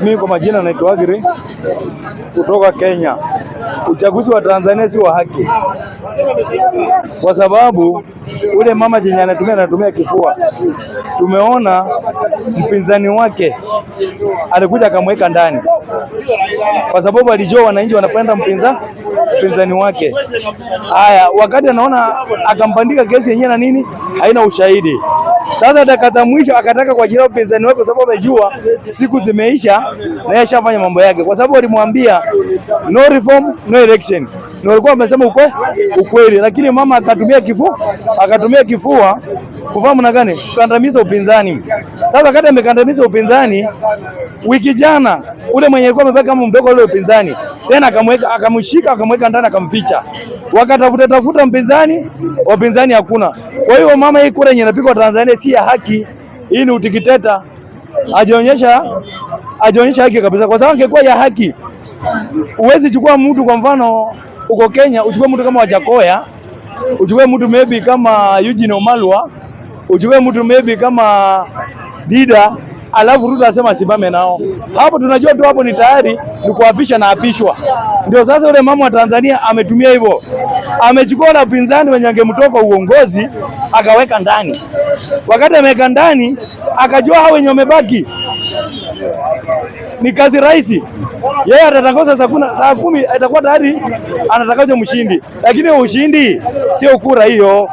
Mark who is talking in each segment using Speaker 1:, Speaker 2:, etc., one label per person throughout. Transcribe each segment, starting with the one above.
Speaker 1: Mimi kwa majina naitwa Agri kutoka Kenya. Uchaguzi wa Tanzania si wa haki, kwa sababu ule mama chenye anatumia anatumia kifua. Tumeona mpinzani wake alikuja akamweka ndani, kwa sababu alijua wananchi wanapenda mpinza mpinzani wake. Haya, wakati anaona akampandika kesi yenyewe na nini, haina ushahidi sasa dakika za mwisho akataka kuachilia upinzani wake, kwa sababu amejua siku zimeisha na yeye shafanya mambo yake, kwa sababu alimwambia no reform no election, na alikuwa amesema ukwe ukweli, lakini mama akatumia kifu akatumia kifua kufahamu na gani kukandamiza upinzani. Sasa wakati amekandamiza upinzani, wiki jana ule mwenye alikuwa amebaki kama mdogo ule upinzani tena akamweka akamshika akamweka ndani akamficha wakatafuta tafuta mpinzani, wapinzani hakuna. Kwa hiyo mama, hii kura yenye inapigwa Tanzania si ya haki, hii ni utikiteta. Ajionyesha, ajionyesha haki kabisa, kwa sababu angekuwa ya haki uwezi chukua mtu. Kwa mfano uko Kenya, uchukue mtu kama Wajakoya, uchukue mtu maybe kama Eugene Wamalwa, uchukue mtu maybe kama Dida, alafu Ruto asema asimame nao hapo, tunajua tu hapo ni tayari ni kuapisha na apishwa. Ndio sasa yule mama wa Tanzania ametumia hivyo, amechukua na pinzani wenye angemtoka uongozi akaweka ndani. Wakati ameweka ndani, akajua hao wenye wamebaki ni kazi rahisi, yeye atatangaza saa kumi, atakuwa tayari anatakaje mshindi, lakini ushindi sio kura hiyo,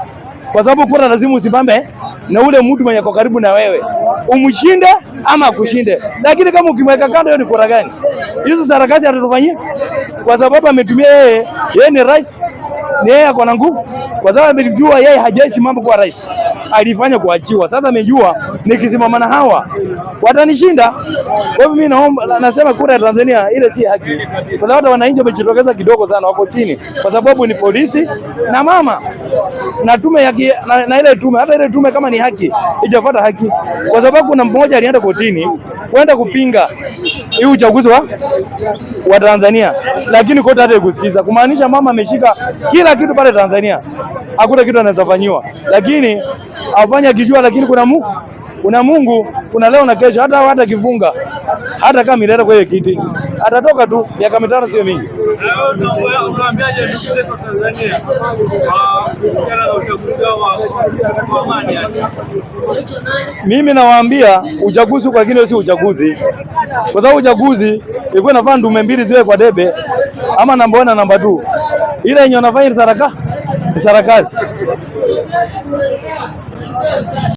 Speaker 1: kwa sababu kura lazima usimame na ule mtu mwenye kwa karibu na wewe umshinde ama kushinde lakini kama ukimweka kando, hiyo ni kura gani? hizo sarakasi atatufanyia, kwa sababu ametumia yeye, yeye ni rais, ni yeye ako na nguvu, kwa sababu amejua yeye hajaishi mambo kwa rais, alifanya kuachiwa. Sasa amejua nikisimama na hawa watanishinda. Kwa hivyo mimi naomba, nasema kura ya Tanzania ile si haki, kwa sababu wananchi wamejitokeza kidogo sana, wako chini, kwa sababu ni polisi na mama na tume ya na, na ile tume, hata ile tume kama ni haki ijafuata haki, kwa sababu kuna mmoja alienda kotini kwenda kupinga hii uchaguzi wa, wa Tanzania, lakini kota hata kusikiza, kumaanisha mama ameshika kila kitu pale Tanzania, hakuna kitu anaweza fanyiwa, lakini afanya kijua, lakini kuna mu, kuna Mungu, kuna leo na kesho. Hata hata kifunga hata kama ileta kwa hiyo kiti atatoka tu, miaka mitano sio mingi. Mimi nawaambia uchaguzi kwa kile si uchaguzi, kwa sababu uchaguzi ilikuwa inafaa ndume mbili ziwe kwa debe ama namba na namba tu ile yenye wanafanya ni saraka ni sarakasi.